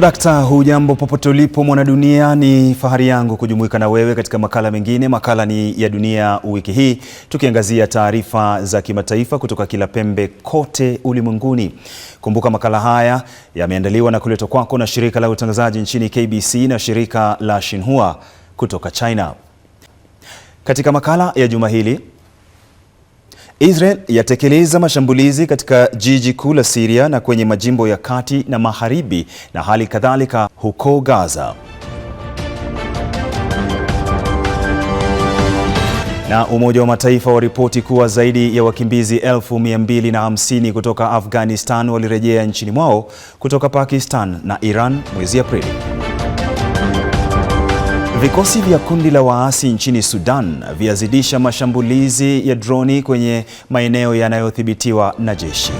dakta hujambo popote ulipo mwanadunia? Ni fahari yangu kujumuika na wewe katika makala mengine. Makala ni ya Dunia Wiki Hii, tukiangazia taarifa za kimataifa kutoka kila pembe kote ulimwenguni. Kumbuka makala haya yameandaliwa na kuletwa kwako na shirika la utangazaji nchini KBC na shirika la Shinhua kutoka China. Katika makala ya juma hili Israel yatekeleza mashambulizi katika jiji kuu la Syria na kwenye majimbo ya kati na magharibi na hali kadhalika huko Gaza. Na Umoja wa Mataifa waripoti kuwa zaidi ya wakimbizi 250,000 kutoka Afghanistan walirejea nchini mwao kutoka Pakistan na Iran mwezi Aprili. Vikosi vya kundi la waasi nchini Sudan vyazidisha mashambulizi ya droni kwenye maeneo yanayodhibitiwa na jeshi.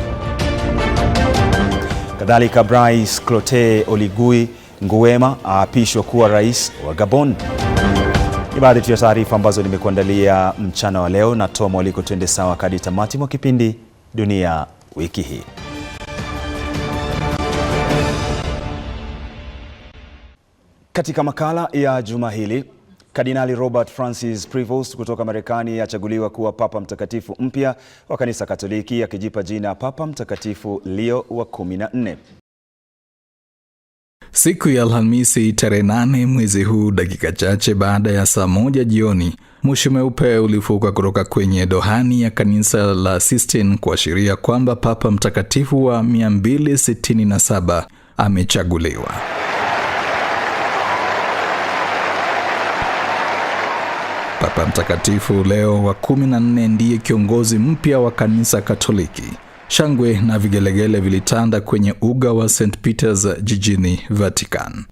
Kadhalika, Brice clote Oligui Nguema aapishwa kuwa rais wa Gabon. Ni baadhi tu ya taarifa ambazo nimekuandalia mchana wa leo, na tom mwaliko tuende sawa kadi tamati mwa kipindi Dunia Wiki Hii. Katika makala ya juma hili, Kardinali Robert Francis Prevost kutoka Marekani achaguliwa kuwa Papa Mtakatifu mpya wa Kanisa Katoliki akijipa jina Papa Mtakatifu Leo wa 14. Siku ya Alhamisi tarehe 8 mwezi huu, dakika chache baada ya saa moja jioni, moshi mweupe ulifuka kutoka kwenye dohani ya kanisa la Sistine kuashiria kwamba Papa Mtakatifu wa 267 amechaguliwa. Papa Mtakatifu Leo wa 14 ndiye kiongozi mpya wa kanisa Katoliki. Shangwe na vigelegele vilitanda kwenye uga wa St Peters jijini Vatican.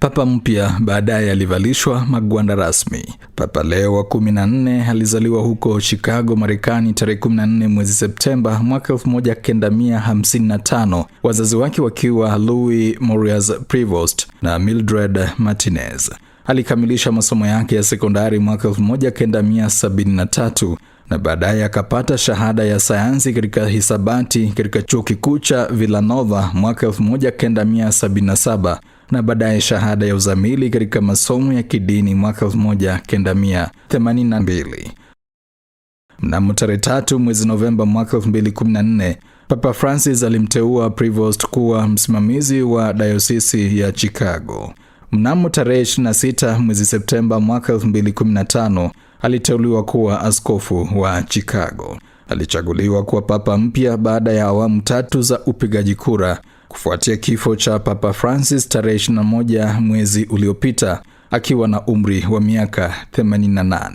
Papa mpya baadaye alivalishwa magwanda rasmi. Papa Leo wa 14 alizaliwa huko Chicago, Marekani tarehe 14 mwezi Septemba mwaka 1955, wazazi wake wakiwa Louis Morias Prevost na Mildred Martinez. Alikamilisha masomo yake ya sekondari mwaka 1973 na baadaye akapata shahada ya sayansi katika hisabati katika chuo kikuu cha Villanova mwaka 1977 na baadaye shahada ya uzamili katika masomo ya kidini mwaka 1982. Mnamo tarehe tatu mwezi Novemba mwaka 2014, Papa Francis alimteua Prevost kuwa msimamizi wa dayosisi ya Chicago. Mnamo tarehe 26 mwezi Septemba mwaka 2015 aliteuliwa kuwa askofu wa Chicago. Alichaguliwa kuwa papa mpya baada ya awamu tatu za upigaji kura kufuatia kifo cha Papa Francis tarehe 21 mwezi uliopita akiwa na umri wa miaka 88.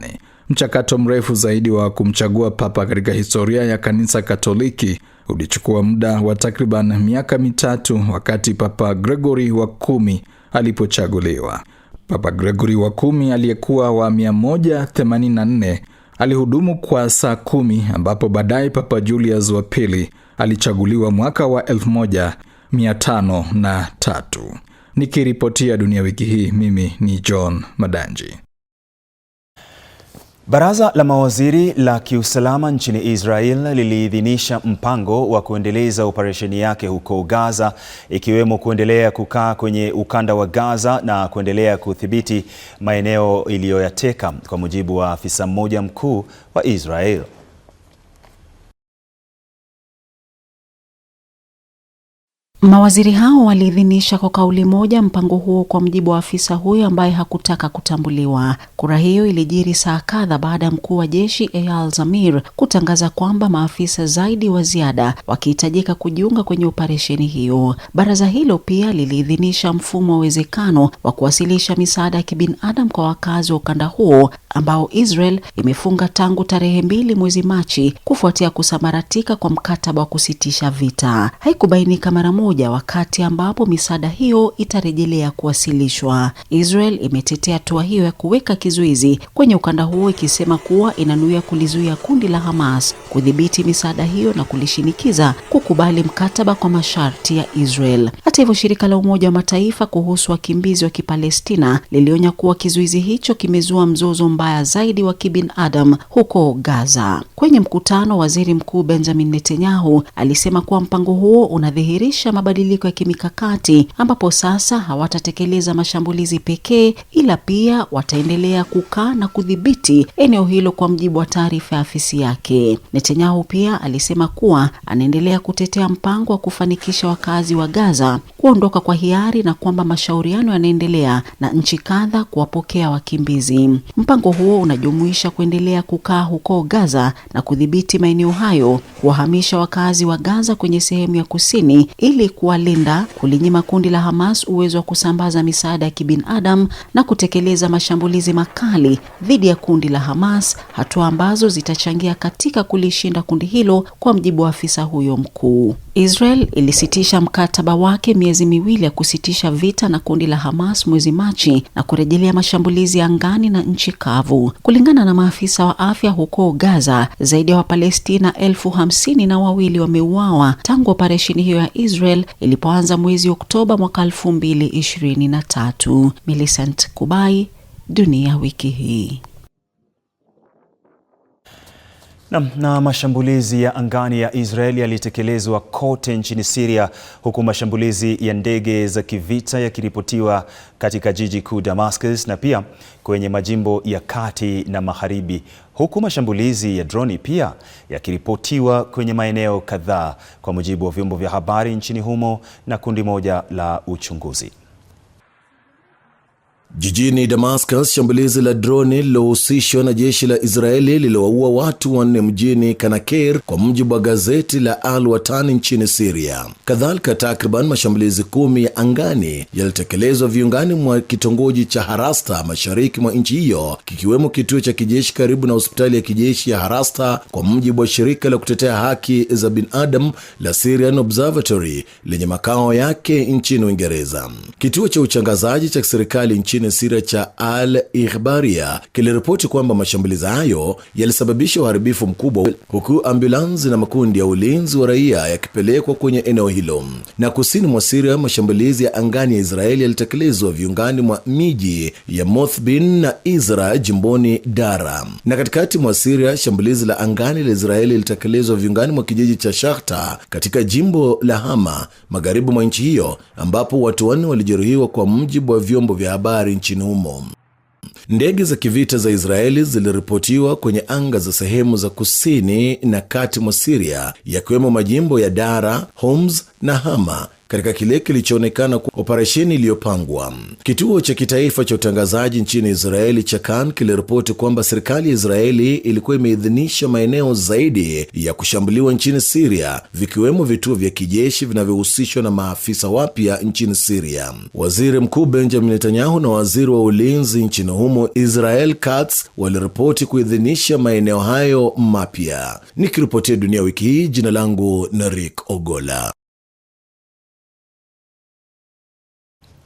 Mchakato mrefu zaidi wa kumchagua papa katika historia ya kanisa Katoliki ulichukua muda wa takriban miaka mitatu, wakati Papa Gregory wa kumi alipochaguliwa. Papa Gregory wa kumi aliyekuwa wa 184 alihudumu kwa saa kumi ambapo baadaye Papa Julius wa pili alichaguliwa mwaka wa 1503. Nikiripotia Dunia Wiki Hii, mimi ni John Madanji. Baraza la mawaziri la kiusalama nchini Israel liliidhinisha mpango wa kuendeleza operesheni yake huko Gaza, ikiwemo kuendelea kukaa kwenye ukanda wa Gaza na kuendelea kudhibiti maeneo iliyoyateka, kwa mujibu wa afisa mmoja mkuu wa Israel. Mawaziri hao waliidhinisha kwa kauli moja mpango huo kwa mjibu wa afisa huyo ambaye hakutaka kutambuliwa. Kura hiyo ilijiri saa kadha baada ya mkuu wa jeshi Eyal Zamir kutangaza kwamba maafisa zaidi wa ziada wakihitajika kujiunga kwenye operesheni hiyo. Baraza hilo pia liliidhinisha mfumo wa uwezekano wa kuwasilisha misaada ya kibinadamu kwa wakazi wa ukanda huo ambao Israel imefunga tangu tarehe mbili mwezi Machi kufuatia kusambaratika kwa mkataba wa kusitisha vita. Haikubainika mara moja moja wakati ambapo misaada hiyo itarejelea kuwasilishwa. Israel imetetea hatua hiyo ya kuweka kizuizi kwenye ukanda huo ikisema kuwa inanuia kulizuia kundi la Hamas kudhibiti misaada hiyo na kulishinikiza kukubali mkataba kwa masharti ya Israel. Hata hivyo, shirika la Umoja wa Mataifa kuhusu wakimbizi wa Kipalestina lilionya kuwa kizuizi hicho kimezua mzozo mbaya zaidi wa kibinadamu huko Gaza. Kwenye mkutano, Waziri Mkuu Benjamin Netanyahu alisema kuwa mpango huo unadhihirisha mabadiliko ya kimikakati ambapo sasa hawatatekeleza mashambulizi pekee ila pia wataendelea kukaa na kudhibiti eneo hilo, kwa mjibu wa taarifa ya afisi yake. Netanyahu pia alisema kuwa anaendelea kutetea mpango wa kufanikisha wakazi wa Gaza kuondoka kwa hiari na kwamba mashauriano yanaendelea na nchi kadha kuwapokea wakimbizi. Mpango huo unajumuisha kuendelea kukaa huko Gaza na kudhibiti maeneo hayo, kuwahamisha wakazi wa Gaza kwenye sehemu ya kusini ili kuwalinda kulinyima kundi la Hamas uwezo wa kusambaza misaada ya kibinadamu na kutekeleza mashambulizi makali dhidi ya kundi la Hamas, hatua ambazo zitachangia katika kulishinda kundi hilo, kwa mjibu wa afisa huyo mkuu. Israel ilisitisha mkataba wake miezi miwili ya kusitisha vita na kundi la Hamas mwezi Machi na kurejelea mashambulizi ya angani na nchi kavu. Kulingana na maafisa wa afya huko Gaza, zaidi ya Wapalestina elfu hamsini na wawili wameuawa tangu operesheni hiyo ya Israel ilipoanza mwezi Oktoba mwaka elfu mbili ishirini na tatu. Millicent Kubai, Dunia Wiki Hii. Na, na mashambulizi ya angani ya Israel yalitekelezwa kote nchini Syria huku mashambulizi ya ndege za kivita yakiripotiwa katika jiji kuu Damascus na pia kwenye majimbo ya kati na magharibi huku mashambulizi ya droni pia yakiripotiwa kwenye maeneo kadhaa kwa mujibu wa vyombo vya habari nchini humo na kundi moja la uchunguzi. Jijini Damascus, shambulizi la droni lilohusishwa na jeshi la Israeli liliwaua watu wanne mjini Kanakir, kwa mujibu wa gazeti la Al Watani nchini Siria. Kadhalika, takriban mashambulizi kumi ya angani yalitekelezwa viungani mwa kitongoji cha Harasta mashariki mwa nchi hiyo, kikiwemo kituo cha kijeshi karibu na hospitali ya kijeshi ya Harasta, kwa mujibu wa shirika la kutetea haki za binadamu la Syrian Observatory lenye makao yake nchini Uingereza. Kituo cha uchangazaji cha serikali nchini nchini Siria cha Al Ikhbaria kiliripoti kwamba mashambulizi hayo yalisababisha uharibifu mkubwa, huku ambulansi na makundi ya ulinzi wa raia yakipelekwa kwenye eneo hilo. Na kusini mwa Siria, mashambulizi ya angani ya Israeli yalitekelezwa viungani mwa miji ya Mothbin na Izra jimboni Dara, na katikati mwa Siria shambulizi la angani la Israeli lilitekelezwa viungani mwa kijiji cha Shakhta katika jimbo la Hama magharibi mwa nchi hiyo, ambapo watu wanne walijeruhiwa kwa mujibu wa vyombo vya habari habari nchini humo. Ndege za kivita za Israeli ziliripotiwa kwenye anga za sehemu za kusini na kati mwa Siria, yakiwemo majimbo ya Dara, Homs na Hama katika kile kilichoonekana kwa operesheni iliyopangwa. Kituo cha kitaifa cha utangazaji nchini Israeli cha Kan kiliripoti kwamba serikali ya Israeli ilikuwa imeidhinisha maeneo zaidi ya kushambuliwa nchini Siria, vikiwemo vituo vya kijeshi vinavyohusishwa na maafisa wapya nchini Siria. Waziri Mkuu Benjamin Netanyahu na waziri wa ulinzi nchini humo Israel Katz waliripoti kuidhinisha maeneo hayo mapya. Nikiripotia Dunia Wiki Hii, jina langu Narik Ogola.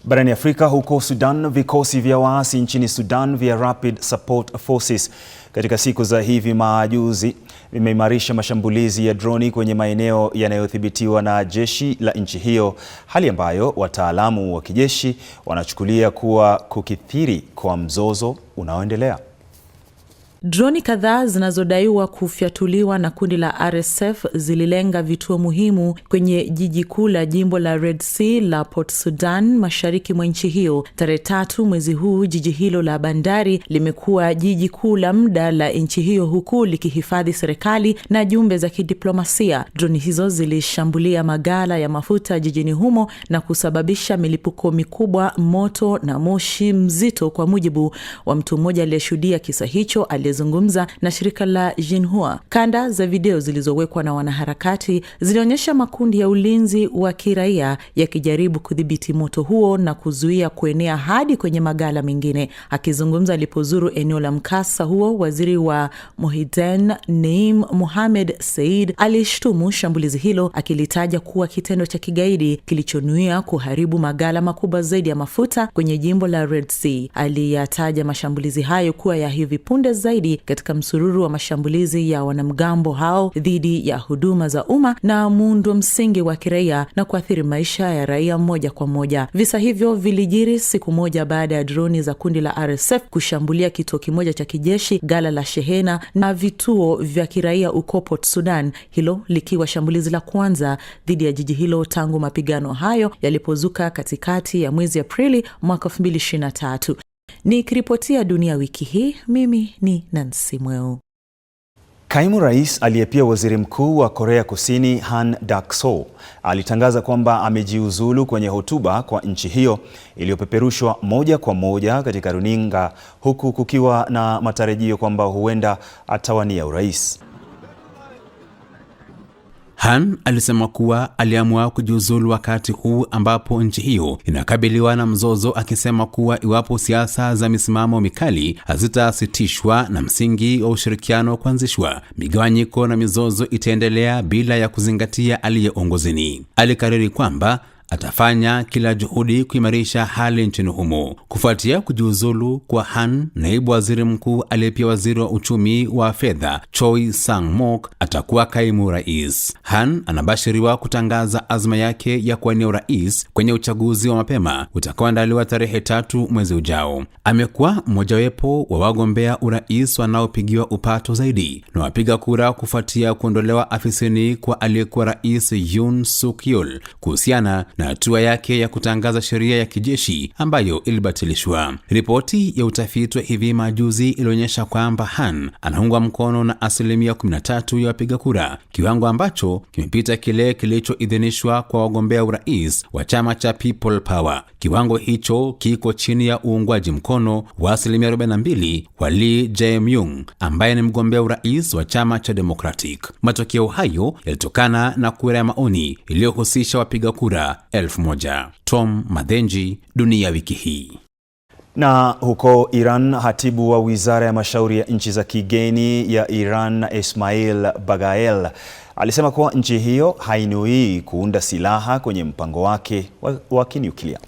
Barani Afrika, huko Sudan, vikosi vya waasi nchini Sudan vya Rapid Support Forces katika siku za hivi majuzi vimeimarisha mashambulizi ya droni kwenye maeneo yanayodhibitiwa na jeshi la nchi hiyo, hali ambayo wataalamu wa kijeshi wanachukulia kuwa kukithiri kwa mzozo unaoendelea. Droni kadhaa zinazodaiwa kufyatuliwa na kundi la RSF zililenga vituo muhimu kwenye jiji kuu la jimbo la Red Sea la Port Sudan mashariki mwa nchi hiyo. Tarehe tatu mwezi huu, jiji hilo la bandari limekuwa jiji kuu la muda la nchi hiyo huku likihifadhi serikali na jumbe za kidiplomasia. Droni hizo zilishambulia magala ya mafuta jijini humo na kusababisha milipuko mikubwa, moto na moshi mzito, kwa mujibu wa mtu mmoja aliyeshuhudia kisa hicho aliye aliyezungumza na shirika la Jinhua. Kanda za video zilizowekwa na wanaharakati zilionyesha makundi ya ulinzi wa kiraia yakijaribu kudhibiti moto huo na kuzuia kuenea hadi kwenye magala mengine. Akizungumza alipozuru eneo la mkasa huo, waziri wa Mohiden Naim Mohamed Said alishtumu shambulizi hilo akilitaja kuwa kitendo cha kigaidi kilichonuia kuharibu magala makubwa zaidi ya mafuta kwenye jimbo la Red Sea. Aliyataja mashambulizi hayo kuwa ya hivi punde zaidi zaidi katika msururu wa mashambulizi ya wanamgambo hao dhidi ya huduma za umma na muundo msingi wa kiraia na kuathiri maisha ya raia moja kwa moja. Visa hivyo vilijiri siku moja baada ya droni za kundi la RSF kushambulia kituo kimoja cha kijeshi, gala la shehena na vituo vya kiraia uko Port Sudan, hilo likiwa shambulizi la kwanza dhidi ya jiji hilo tangu mapigano hayo yalipozuka katikati ya mwezi Aprili mwaka 2023. Nikiripotia Dunia Wiki Hii, mimi ni nansi Mweu. Kaimu rais aliyepia waziri mkuu wa Korea Kusini Han dakso alitangaza kwamba amejiuzulu kwenye hotuba kwa nchi hiyo iliyopeperushwa moja kwa moja katika runinga, huku kukiwa na matarajio kwamba huenda atawania urais. Han alisema kuwa aliamua kujiuzulu wakati huu ambapo nchi hiyo inakabiliwa na mzozo, akisema kuwa iwapo siasa za misimamo mikali hazitasitishwa na msingi wa ushirikiano kuanzishwa, migawanyiko na mizozo itaendelea bila ya kuzingatia aliyeongozini. Alikariri kwamba atafanya kila juhudi kuimarisha hali nchini humo. Kufuatia kujiuzulu kwa Han, naibu waziri mkuu aliyepia waziri wa uchumi wa fedha Choi Sang-mok atakuwa kaimu rais. Han anabashiriwa kutangaza azma yake ya kuwania urais kwenye uchaguzi wa mapema utakaoandaliwa tarehe tatu mwezi ujao. Amekuwa mmojawepo wa wagombea urais wanaopigiwa upato zaidi na wapiga kura kufuatia kuondolewa afisini kwa aliyekuwa rais Yoon Suk Yeol kuhusiana na hatua yake ya kutangaza sheria ya kijeshi ambayo ilibatilishwa. Ripoti ya utafiti wa hivi majuzi ilionyesha kwamba Han anaungwa mkono na asilimia 13 ya wapiga kura, kiwango ambacho kimepita kile kilichoidhinishwa kwa wagombea urais wa chama cha People Power. Kiwango hicho kiko chini ya uungwaji mkono wa asilimia 42 wa Lee Jae-myung ambaye ni mgombea urais wa chama cha Democratic. Matokeo hayo yalitokana na kura ya maoni iliyohusisha wapiga kura 1 Tom Madhenji, Dunia Wiki Hii. Na huko Iran, hatibu wa wizara ya mashauri ya nchi za kigeni ya Iran Ismail Bagael alisema kuwa nchi hiyo hainuii kuunda silaha kwenye mpango wake wa, wa kinyuklia.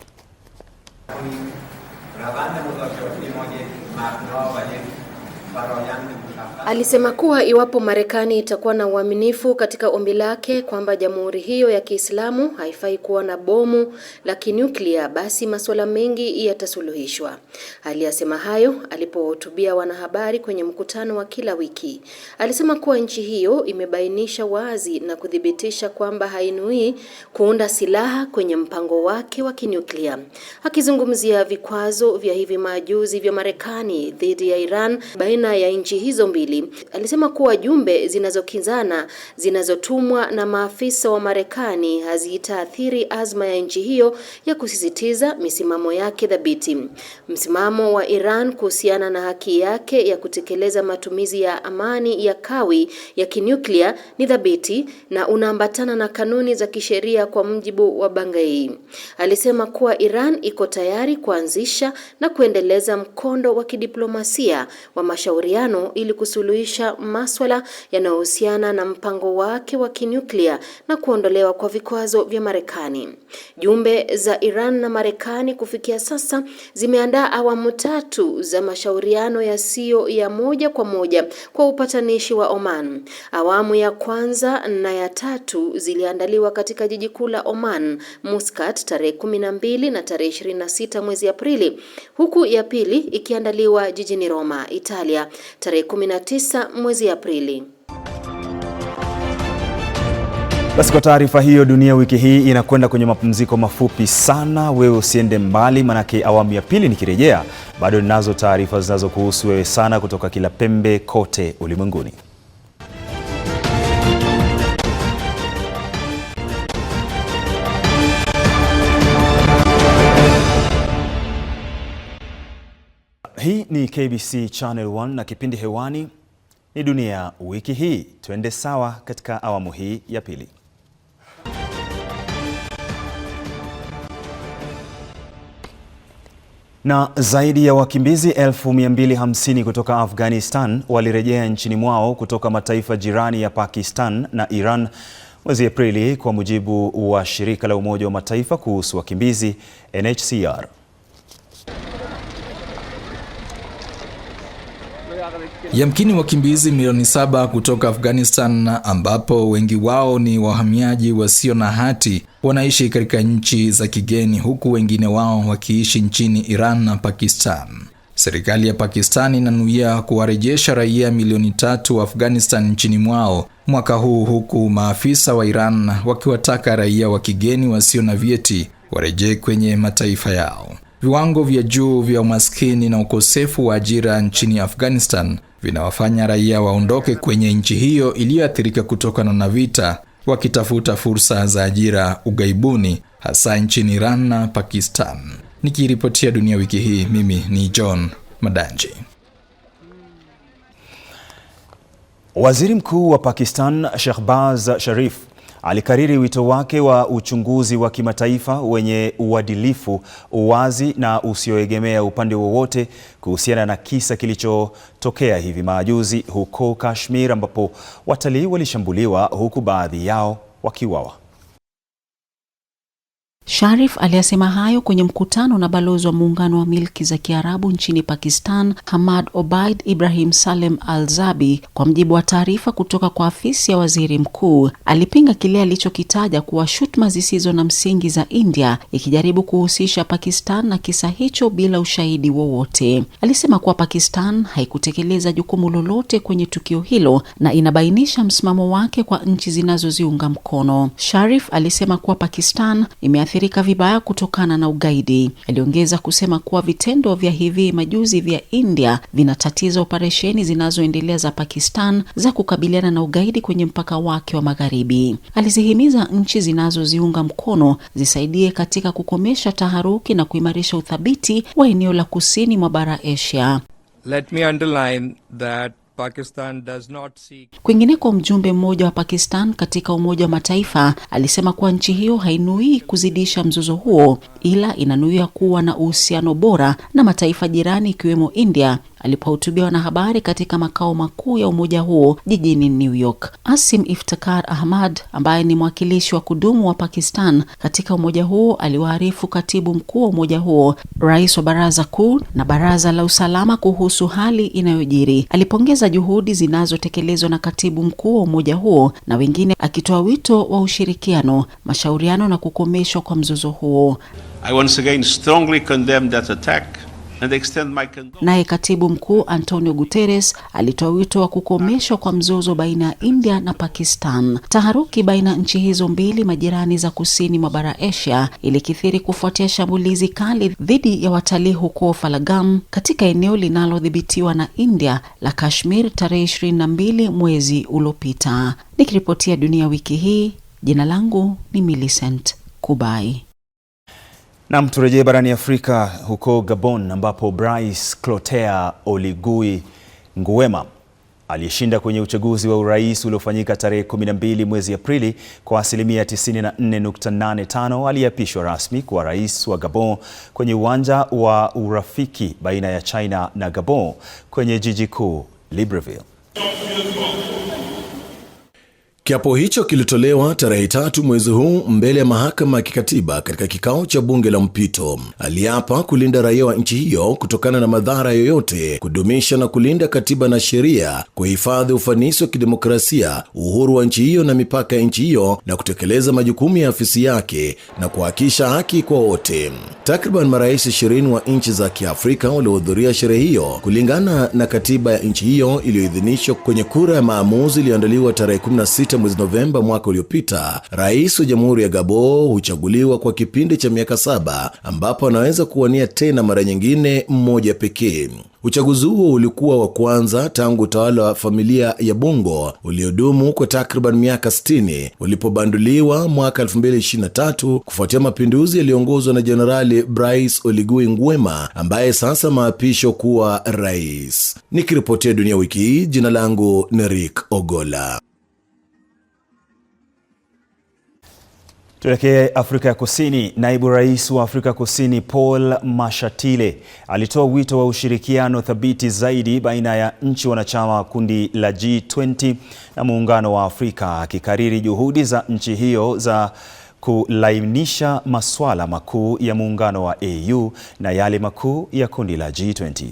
Alisema kuwa iwapo Marekani itakuwa na uaminifu katika ombi lake kwamba jamhuri hiyo ya Kiislamu haifai kuwa na bomu la kinuklia, basi masuala mengi yatasuluhishwa. Aliyasema hayo alipowahutubia wanahabari kwenye mkutano wa kila wiki. Alisema kuwa nchi hiyo imebainisha wazi na kuthibitisha kwamba hainui kuunda silaha kwenye mpango wake wa kinuklia. Akizungumzia vikwazo vya hivi majuzi vya Marekani dhidi ya Iran baina ya nchi hizo mbili mbili. alisema kuwa jumbe zinazokinzana zinazotumwa na maafisa wa Marekani hazitaathiri azma ya nchi hiyo ya kusisitiza misimamo yake thabiti. Msimamo wa Iran kuhusiana na haki yake ya kutekeleza matumizi ya amani ya kawi ya kinyuklia ni thabiti na unaambatana na kanuni za kisheria kwa mujibu wa Bangei. Alisema kuwa Iran iko tayari kuanzisha na kuendeleza mkondo wa kidiplomasia wa mashauriano ili kusuluhisha kusuluhisha maswala yanayohusiana na mpango wake wa kinyuklia na kuondolewa kwa vikwazo vya Marekani. Jumbe za Iran na Marekani kufikia sasa zimeandaa awamu tatu za mashauriano yasiyo ya moja kwa moja kwa upatanishi wa Oman. Awamu ya kwanza na ya tatu ziliandaliwa katika jiji kuu la Oman, Muscat, tarehe 12 na tarehe 26 mwezi Aprili, huku ya pili ikiandaliwa jijini Roma, Italia, tarehe 19 tisa mwezi Aprili. Basi kwa taarifa hiyo, Dunia Wiki Hii inakwenda kwenye mapumziko mafupi sana. Wewe usiende mbali, manake awamu ya pili nikirejea, bado ninazo taarifa zinazokuhusu wewe sana kutoka kila pembe kote ulimwenguni. Hii ni KBC Channel 1 na kipindi hewani ni Dunia Wiki Hii. Twende sawa katika awamu hii ya pili. Na zaidi ya wakimbizi 250 kutoka Afghanistan walirejea nchini mwao kutoka mataifa jirani ya Pakistan na Iran mwezi Aprili kwa mujibu wa shirika la Umoja wa Mataifa kuhusu wakimbizi, nhcr Yamkini wakimbizi milioni saba kutoka Afghanistan ambapo wengi wao ni wahamiaji wasio na hati wanaishi katika nchi za kigeni huku wengine wao wakiishi nchini Iran na Pakistan. Serikali ya Pakistan inanuia kuwarejesha raia milioni tatu wa Afghanistan nchini mwao mwaka huu huku maafisa wa Iran wakiwataka raia wa kigeni wasio na vyeti warejee kwenye mataifa yao. Viwango vya juu vya umaskini na ukosefu wa ajira nchini Afghanistan vinawafanya raia waondoke kwenye nchi hiyo iliyoathirika kutokana na vita, wakitafuta fursa za ajira ughaibuni, hasa nchini Iran na Pakistan. Nikiripotia Dunia Wiki Hii, mimi ni John Madanji. Waziri Mkuu wa Pakistan Shehbaz Sharif Alikariri wito wake wa uchunguzi wa kimataifa wenye uadilifu, uwazi na usioegemea upande wowote kuhusiana na kisa kilichotokea hivi majuzi huko Kashmir ambapo watalii walishambuliwa huku baadhi yao wakiuawa. Sharif aliyasema hayo kwenye mkutano na balozi wa muungano wa milki za Kiarabu nchini Pakistan, Hamad Obaid Ibrahim Salem Al-Zabi. Kwa mjibu wa taarifa kutoka kwa afisi ya waziri mkuu, alipinga kile alichokitaja kuwa shutuma zisizo na msingi za India ikijaribu kuhusisha Pakistan na kisa hicho bila ushahidi wowote. Alisema kuwa Pakistan haikutekeleza jukumu lolote kwenye tukio hilo na inabainisha msimamo wake kwa nchi zinazoziunga mkono. Sharif alisema kuwa Pakistan imeathirika wameathirika vibaya kutokana na ugaidi. Aliongeza kusema kuwa vitendo vya hivi majuzi vya India vinatatiza operesheni zinazoendelea za Pakistan za kukabiliana na ugaidi kwenye mpaka wake wa magharibi. Alizihimiza nchi zinazoziunga mkono zisaidie katika kukomesha taharuki na kuimarisha uthabiti wa eneo la kusini mwa bara Asia. Let me underline that Kwingine kwa mjumbe mmoja wa Pakistan katika Umoja wa Mataifa alisema kuwa nchi hiyo hainuii kuzidisha mzozo huo, ila inanuia kuwa na uhusiano bora na mataifa jirani ikiwemo India alipohutubia wanahabari katika makao makuu ya umoja huo jijini New York. Asim Iftikhar Ahmad ambaye ni mwakilishi wa kudumu wa Pakistan katika umoja huo aliwaarifu katibu mkuu wa umoja huo, rais wa baraza kuu na baraza la usalama kuhusu hali inayojiri. Alipongeza juhudi zinazotekelezwa na katibu mkuu wa umoja huo na wengine, akitoa wito wa ushirikiano, mashauriano na kukomeshwa kwa mzozo huo. I once again strongly condemn that attack. Naye katibu mkuu Antonio Guterres alitoa wito wa kukomeshwa kwa mzozo baina ya India na Pakistan. Taharuki baina ya nchi hizo mbili majirani za kusini mwa bara Asia ilikithiri kufuatia shambulizi kali dhidi ya watalii huko Falagam katika eneo linalodhibitiwa na India la Kashmir tarehe na mbili mwezi uliopita. Nikiripotia Dunia Wiki Hii, jina langu ni Millicent Kubai. Nam, turejee barani Afrika huko Gabon ambapo Brice Clotaire Oligui Nguema aliyeshinda kwenye uchaguzi wa urais uliofanyika tarehe 12 mwezi Aprili kwa asilimia 94.85 aliyeapishwa rasmi kuwa rais wa Gabon kwenye uwanja wa urafiki baina ya China na Gabon kwenye jiji kuu Libreville. Kiapo hicho kilitolewa tarehe tatu mwezi huu mbele ya mahakama ya kikatiba katika kikao cha bunge la mpito. Aliapa kulinda raia wa nchi hiyo kutokana na madhara yoyote, kudumisha na kulinda katiba na sheria, kuhifadhi ufanisi wa kidemokrasia, uhuru wa nchi hiyo na mipaka ya nchi hiyo, na kutekeleza majukumu ya afisi yake na kuhakisha haki kwa wote. Takriban marais ishirini wa nchi za Kiafrika waliohudhuria sherehe hiyo kulingana na katiba ya nchi hiyo iliyoidhinishwa kwenye kura ya maamuzi iliyoandaliwa tarehe 16 Jumatatu mwezi Novemba mwaka uliopita, rais wa jamhuri ya gabo huchaguliwa kwa kipindi cha miaka saba ambapo anaweza kuwania tena mara nyingine mmoja pekee. Uchaguzi huo ulikuwa wa kwanza tangu utawala wa familia ya Bongo uliodumu kwa takriban miaka 60 ulipobanduliwa mwaka 2023 kufuatia mapinduzi yaliyoongozwa na Jenerali Brice Oligui Nguema ambaye sasa maapisho kuwa rais. Nikiripotia Dunia Wiki Hii, jina langu ni Rick Ogola. Tuelekee Afrika ya Kusini. Naibu Rais wa Afrika Kusini Paul Mashatile alitoa wito wa ushirikiano thabiti zaidi baina ya nchi wanachama wa kundi la G20 na Muungano wa Afrika, akikariri juhudi za nchi hiyo za kulainisha masuala makuu ya muungano wa AU na yale makuu ya kundi la G20.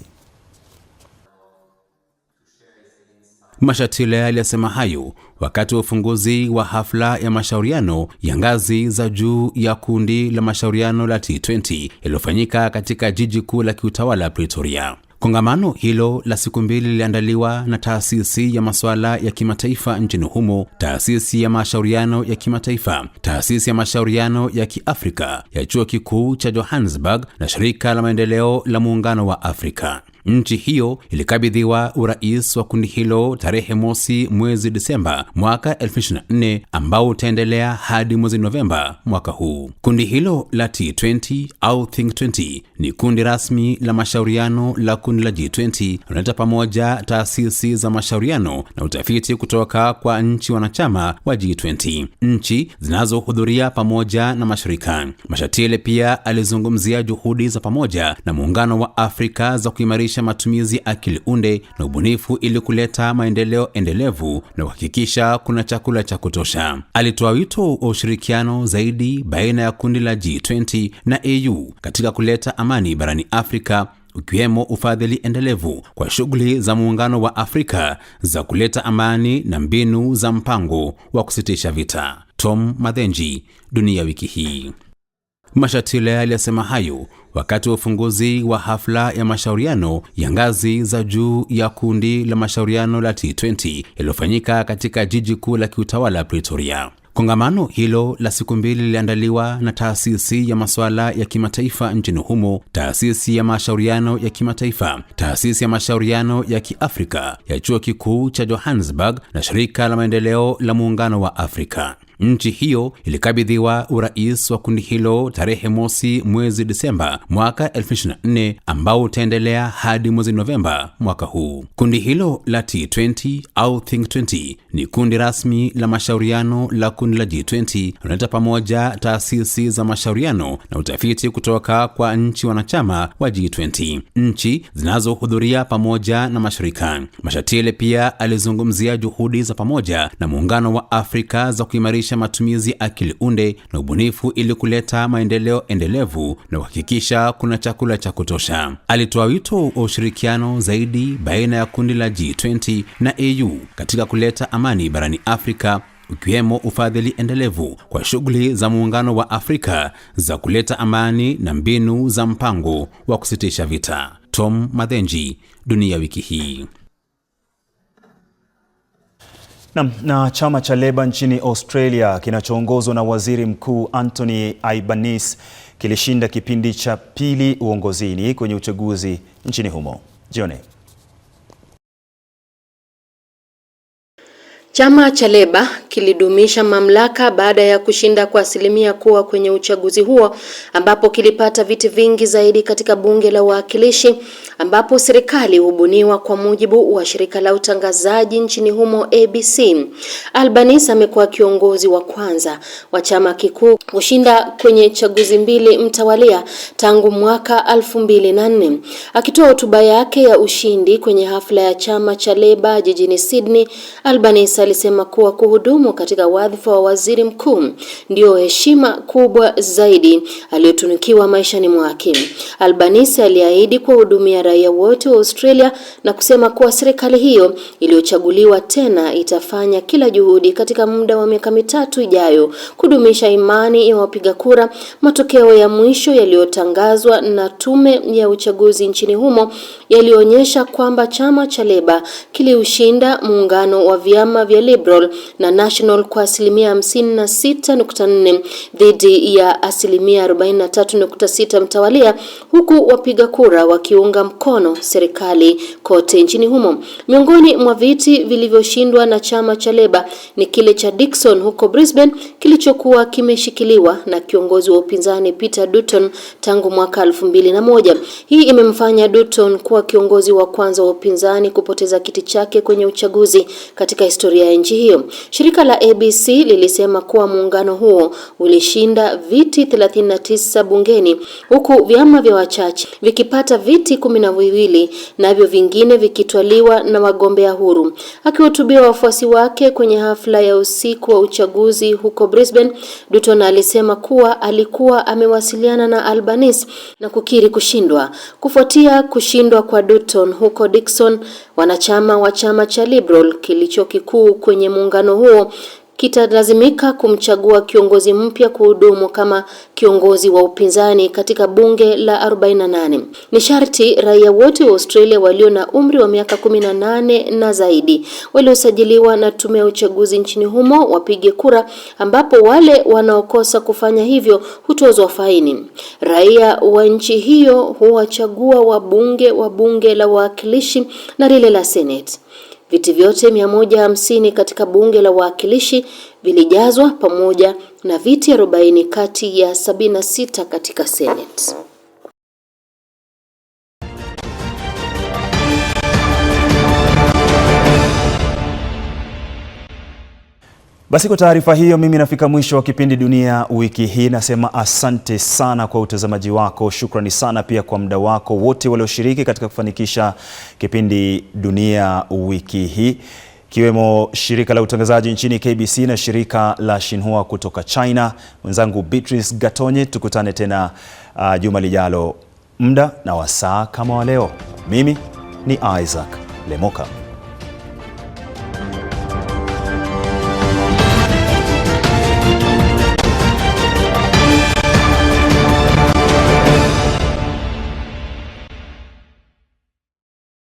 Mashatile aliyasema hayo wakati wa ufunguzi wa hafla ya mashauriano ya ngazi za juu ya kundi la mashauriano la T20 yaliyofanyika katika jiji kuu la kiutawala Pretoria. Kongamano hilo la siku mbili liliandaliwa na taasisi ya masuala ya kimataifa nchini humo, taasisi ya mashauriano ya kimataifa, taasisi ya mashauriano ya kiafrika ya chuo kikuu cha Johannesburg na shirika la maendeleo la muungano wa Afrika. Nchi hiyo ilikabidhiwa urais wa kundi hilo tarehe mosi mwezi Disemba mwaka 2024 ambao utaendelea hadi mwezi Novemba mwaka huu. Kundi hilo la T20 au Think 20 ni kundi rasmi la mashauriano la kundi la G20, unaleta pamoja taasisi za mashauriano na utafiti kutoka kwa nchi wanachama wa G20, nchi zinazohudhuria pamoja na mashirika. Mashatile pia alizungumzia juhudi za pamoja na Muungano wa Afrika za kuimarisha kuhamasisha matumizi akili unde na ubunifu ili kuleta maendeleo endelevu na kuhakikisha kuna chakula cha kutosha. Alitoa wito wa ushirikiano zaidi baina ya kundi la G20 na AU katika kuleta amani barani Afrika ukiwemo ufadhili endelevu kwa shughuli za Muungano wa Afrika za kuleta amani na mbinu za mpango wa kusitisha vita. Tom Madhenji, Dunia Wiki Hii. Mashatile aliyasema hayo wakati wa ufunguzi wa hafla ya mashauriano ya ngazi za juu ya kundi la mashauriano la T20 yaliyofanyika katika jiji kuu la kiutawala Pretoria. Kongamano hilo la siku mbili liliandaliwa na taasisi ya masuala ya kimataifa nchini humo, taasisi ya mashauriano ya kimataifa, taasisi ya mashauriano ya kiafrika ya chuo kikuu cha Johannesburg na shirika la maendeleo la muungano wa Afrika. Nchi hiyo ilikabidhiwa urais wa kundi hilo tarehe mosi mwezi Disemba mwaka 2024 ambao utaendelea hadi mwezi Novemba mwaka huu. Kundi hilo la T20 au Think 20 ni kundi rasmi la mashauriano la kundi la G20, unaleta pamoja taasisi za mashauriano na utafiti kutoka kwa nchi wanachama wa G20, nchi zinazohudhuria pamoja na mashirika. Mashatile pia alizungumzia juhudi za pamoja na Muungano wa Afrika za kuimarisha kujumuisha matumizi akili unde na ubunifu ili kuleta maendeleo endelevu na kuhakikisha kuna chakula cha kutosha. Alitoa wito wa ushirikiano zaidi baina ya kundi la G20 na AU katika kuleta amani barani Afrika ukiwemo ufadhili endelevu kwa shughuli za Muungano wa Afrika za kuleta amani na mbinu za mpango wa kusitisha vita. Tom Madhenji, Dunia Wiki Hii. Na, na chama cha Leba nchini Australia kinachoongozwa na Waziri Mkuu Anthony Albanese kilishinda kipindi cha pili uongozini kwenye uchaguzi nchini humo. Jione. Chama cha Leba kilidumisha mamlaka baada ya kushinda kwa asilimia kuwa kwenye uchaguzi huo ambapo kilipata viti vingi zaidi katika bunge la wawakilishi ambapo serikali hubuniwa kwa mujibu wa shirika la utangazaji nchini humo ABC. Albanese amekuwa kiongozi wa kwanza wa chama kikuu kushinda kwenye chaguzi mbili mtawalia tangu mwaka 2004. Akitoa hotuba yake ya ushindi kwenye hafla ya chama cha Leba jijini Sydney, Albanese alisema kuwa kuhudumu katika wadhifa wa waziri mkuu ndio heshima kubwa zaidi aliyotunukiwa maishani mwake. Albanese aliahidi kuwahudumia raia wote wa Australia na kusema kuwa serikali hiyo iliyochaguliwa tena itafanya kila juhudi katika muda wa miaka mitatu ijayo kudumisha imani ya wapiga kura, matokeo ya mwisho yaliyotangazwa na tume ya uchaguzi nchini humo yalionyesha kwamba chama cha Leba kiliushinda muungano wa vyama vya ya Liberal na National kwa asilimia 56.4 dhidi ya asilimia 43.6 mtawalia, huku wapiga kura wakiunga mkono serikali kote nchini humo. Miongoni mwa viti vilivyoshindwa na chama cha Leba ni kile cha Dickson huko Brisbane kilichokuwa kimeshikiliwa na kiongozi wa upinzani Peter Dutton tangu mwaka elfu mbili na moja. Hii imemfanya Dutton kuwa kiongozi wa kwanza wa upinzani kupoteza kiti chake kwenye uchaguzi katika historia ya nchi hiyo. Shirika la ABC lilisema kuwa muungano huo ulishinda viti 39 bungeni huku vyama vya wachache vikipata viti kumi na viwili navyo vingine vikitwaliwa na wagombea huru. Akihutubia wafuasi wake kwenye hafla ya usiku wa uchaguzi huko Brisbane, Dutton alisema kuwa alikuwa amewasiliana na Albanese na kukiri kushindwa. Kufuatia kushindwa kwa Dutton huko Dickson, Wanachama wa chama cha Liberal kilicho kikuu kwenye muungano huo kitalazimika kumchagua kiongozi mpya kuhudumu kama kiongozi wa upinzani katika bunge la 48. Ni sharti raia wote wa Australia walio na umri wa miaka 18 na zaidi waliosajiliwa na tume ya uchaguzi nchini humo wapige kura, ambapo wale wanaokosa kufanya hivyo hutozwa faini. Raia wa nchi hiyo huwachagua wabunge wa bunge la wawakilishi na lile la Senate. Viti vyote 150 katika bunge la wawakilishi vilijazwa pamoja na viti 40 kati ya 76 katika Senate. Basi kwa taarifa hiyo, mimi nafika mwisho wa kipindi Dunia Wiki Hii. Nasema asante sana kwa utazamaji wako, shukrani sana pia kwa muda wako wote walioshiriki katika kufanikisha kipindi Dunia Wiki Hii, ikiwemo shirika la utangazaji nchini KBC na shirika la Xinhua kutoka China. Mwenzangu Beatrice Gatonye, tukutane tena uh, juma lijalo muda na wasaa kama wa leo. Mimi ni Isaac Lemoka.